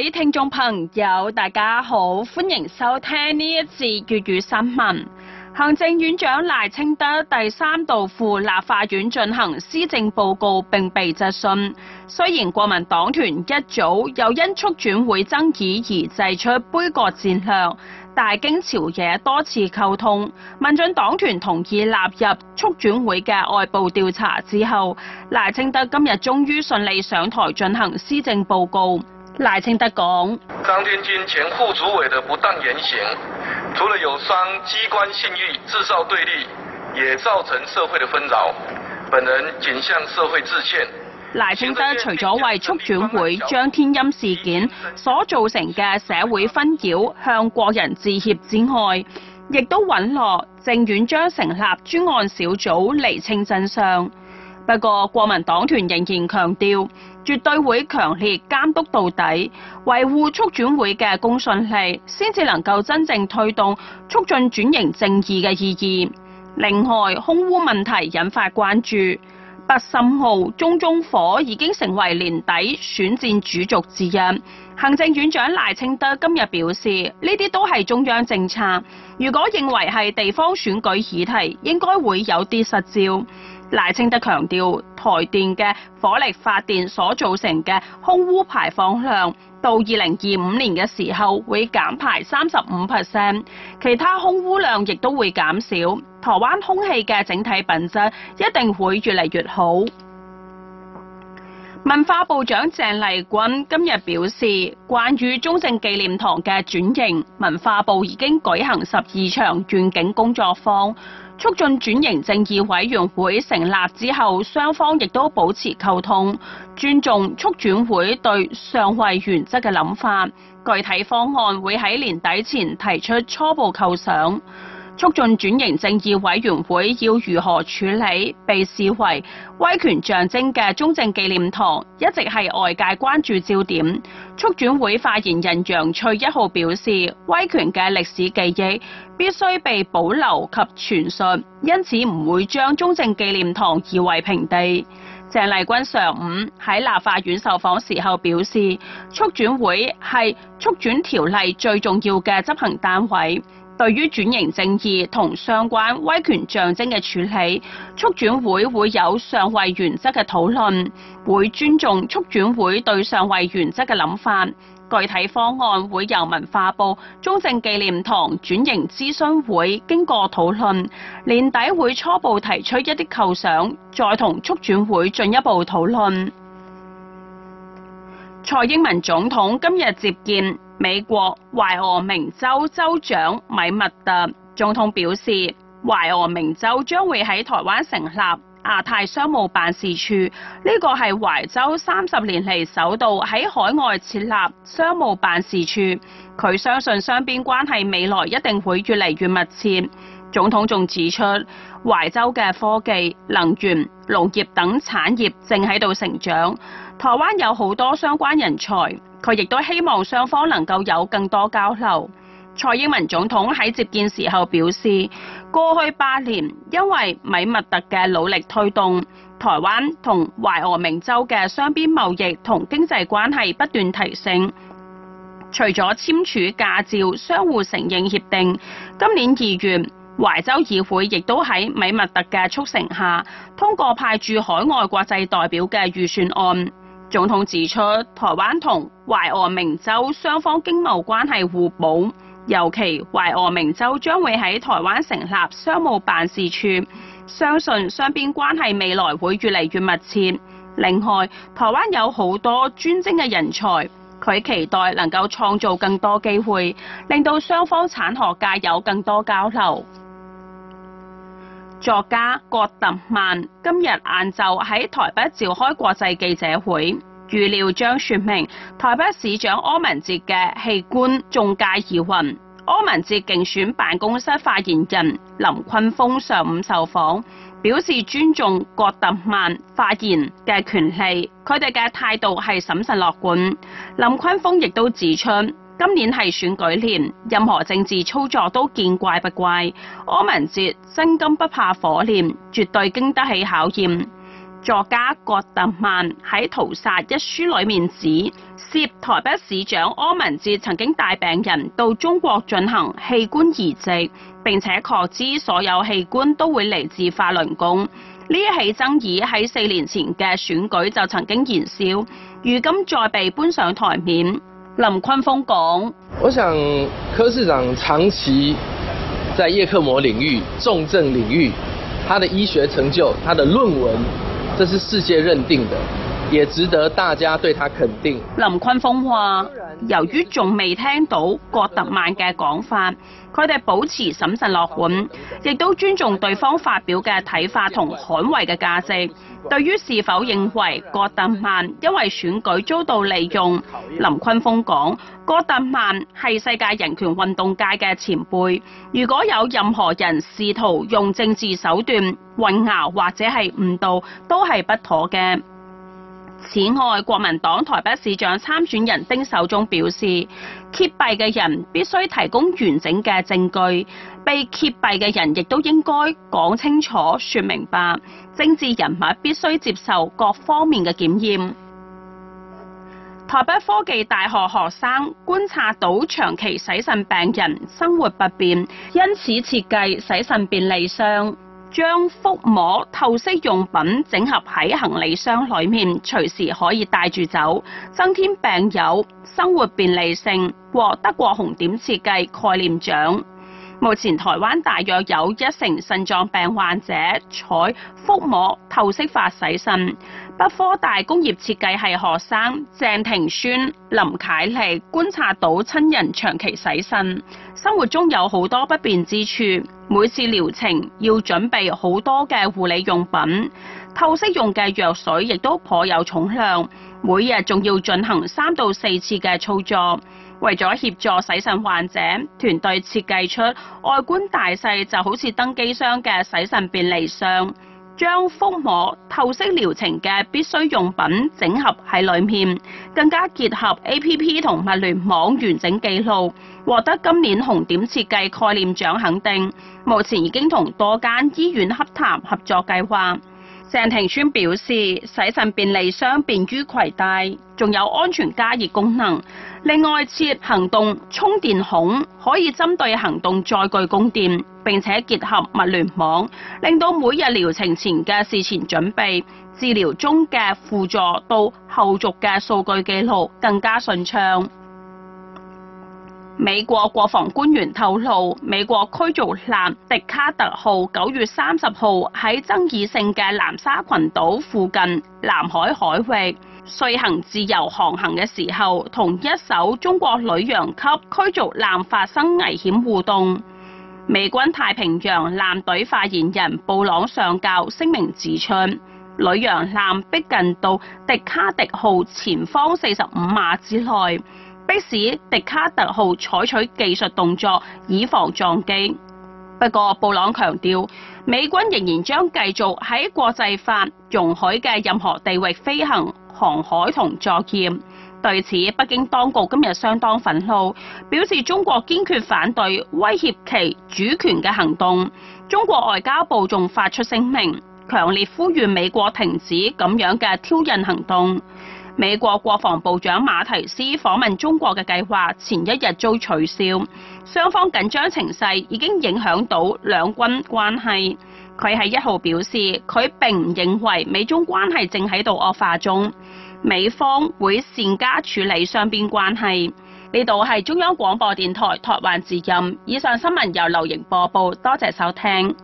各位聽眾朋友，大家好，歡迎收聽呢一節粵語新聞。行政院長賴清德第三度赴立法院進行施政報告，並被質詢。雖然國民黨團一早又因促轉會爭議而祭出杯葛戰略，但經朝野多次溝通，民進黨團同意納入促轉會嘅外部調查之後，賴清德今日終於順利上台進行施政報告。賴清德講：張天欽前副主委的不當言行，除了有傷機關信譽、製造對立，也造成社會的紛擾。本人僅向社會致歉。賴清德除咗為促轉會張天欽事件所造成嘅社會紛擾向國人致歉之外，亦都允諾政院將成立專案小組厘清真相。不過國民黨團仍然強調，絕對會強烈監督到底，維護促轉會嘅公信力，先至能夠真正推動、促進轉型正義嘅意義。另外，空污問題引發關注，北深號、中中火已經成為年底選戰主軸之一。行政院長賴清德今日表示，呢啲都係中央政策，如果認為係地方選舉議題，應該會有啲實招。賴清德強調，台電嘅火力發電所造成嘅空污排放量，到二零二五年嘅時候會減排三十五 percent，其他空污量亦都會減少，台灣空氣嘅整體品質一定會越嚟越好。文化部長鄭麗君今日表示，關於中正紀念堂嘅轉型，文化部已經舉行十二場願景工作坊，促進轉型正義委員會成立之後，雙方亦都保持溝通，尊重促轉會對上位原則嘅諗法，具體方案會喺年底前提出初步構想。促進轉型正義委員會要如何處理被視為威權象徵嘅中正紀念堂，一直係外界關注焦點。促轉會發言人楊翠一號表示，威權嘅歷史記憶必須被保留及傳述，因此唔會將中正紀念堂夷為平地。鄭麗君上午喺立法院受訪時候表示，促轉會係促轉條例最重要嘅執行單位。對於轉型正義同相關威權象徵嘅處理，促轉會會有上位原則嘅討論，會尊重促轉會對上位原則嘅諗法，具體方案會由文化部、中正紀念堂轉型諮詢會經過討論，年底會初步提出一啲構想，再同促轉會進一步討論。蔡英文總統今日接見。美國懷俄明州州長米密特總統表示，懷俄明州將會喺台灣成立亞太商務辦事處，呢個係懷州三十年嚟首度喺海外設立商務辦事處。佢相信雙邊關係未來一定會越嚟越密切。總統仲指出，懷州嘅科技、能源、農業等產業正喺度成長，台灣有好多相關人才。佢亦都希望雙方能夠有更多交流。蔡英文總統喺接見時候表示，過去八年因為米密特嘅努力推動，台灣同懷俄明州嘅雙邊貿易同經濟關係不斷提升。除咗簽署駕照相互承認協定，今年二月懷州議會亦都喺米密特嘅促成下，通過派駐海外國際代表嘅預算案。總統指出，台灣同懷俄明州雙方經貿關係互補，尤其懷俄明州將會喺台灣成立商務辦事處，相信雙邊關係未來會越嚟越密切。另外，台灣有好多專精嘅人才，佢期待能夠創造更多機會，令到雙方產學界有更多交流。作家葛特曼今日晏晝喺台北召開國際記者會，預料將說明台北市長柯文哲嘅器官仲介疑雲。柯文哲競選辦公室發言人林坤峰上午受訪表示尊重葛特曼發言嘅權利，佢哋嘅態度係審慎樂觀。林坤峰亦都指出，今年係選舉年，任何政治操作都見怪不怪。柯文哲真金不怕火煉，絕對經得起考驗。作家葛特曼喺《屠殺》一書裏面指，涉台北市長柯文哲曾經帶病人到中國進行器官移植，並且確知所有器官都會嚟自法輪功。呢一起爭議喺四年前嘅選舉就曾經燃燒，如今再被搬上台面。林昆鋒講：我想柯市長長期在葉克膜領域、重症領域，他的醫學成就、他的論文，這是世界認定的，也值得大家對他肯定。林昆鋒話：由於仲未聽到葛特曼嘅講法，佢哋保持審慎樂觀，亦都尊重對方發表嘅睇法同捍衛嘅價值。對於是否認為葛特曼因為選舉遭到利用，林坤峰講：葛特曼係世界人權運動界嘅前輩，如果有任何人試圖用政治手段混淆或者係誤導，都係不妥嘅。此外，國民黨台北市長參選人丁守中表示，揭弊嘅人必須提供完整嘅證據，被揭弊嘅人亦都應該講清楚、説明白，政治人物必須接受各方面嘅檢驗。台北科技大學學生觀察到長期洗腎病人生活不便，因此設計洗腎便利箱。將腹膜透析用品整合喺行李箱裏面，隨時可以帶住走，增添病友生活便利性，獲德國紅點設計概念獎。目前台灣大約有一成腎臟病患者採腹膜透析法洗腎。北科大工業設計系學生鄭庭宣、林楷莉觀察到親人長期洗腎，生活中有好多不便之處。每次療程要準備好多嘅護理用品，透析用嘅藥水亦都頗有重量。每日仲要進行三到四次嘅操作。為咗協助洗腎患者，團隊設計出外觀大細就好似登機箱嘅洗腎便利箱。將覆膜透析療程嘅必須用品整合喺裏面，更加結合 A P P 同物聯網完整記錄，獲得今年紅點設計概念獎肯定。目前已經同多間醫院洽談合作計劃。鄭庭川表示，洗腎便利箱便於攜帶，仲有安全加熱功能。另外設行動充電孔，可以針對行動載具供電。並且結合物聯網，令到每日療程前嘅事前準備，治療中嘅輔助到後續嘅數據記錄更加順暢。美國國防官員透露，美國驅逐艦迪卡特號九月三十號喺爭議性嘅南沙群島附近南海海域遂行自由航行嘅時候，同一艘中國旅洋級驅逐艦發生危險互動。美軍太平洋艦隊發言人布朗上校聲明指出，旅洋艦逼近到迪卡特號前方四十五碼之內，迫使迪卡特號採取技術動作以防撞擊，不過，布朗強調，美軍仍然將繼續喺國際法容許嘅任何地域飛行、航海同作業。對此，北京當局今日相當憤怒，表示中國堅決反對威脅其主權嘅行動。中國外交部仲發出聲明，強烈呼籲美國停止咁樣嘅挑釁行動。美國國防部長馬提斯訪問中國嘅計劃前一日遭取消，雙方緊張情勢已經影響到兩軍關係。佢喺一號表示，佢並唔認為美中關係正喺度惡化中。美方會善加處理雙邊關係。呢度係中央廣播電台台灣之音，以上新聞由劉瑩播報，多謝收聽。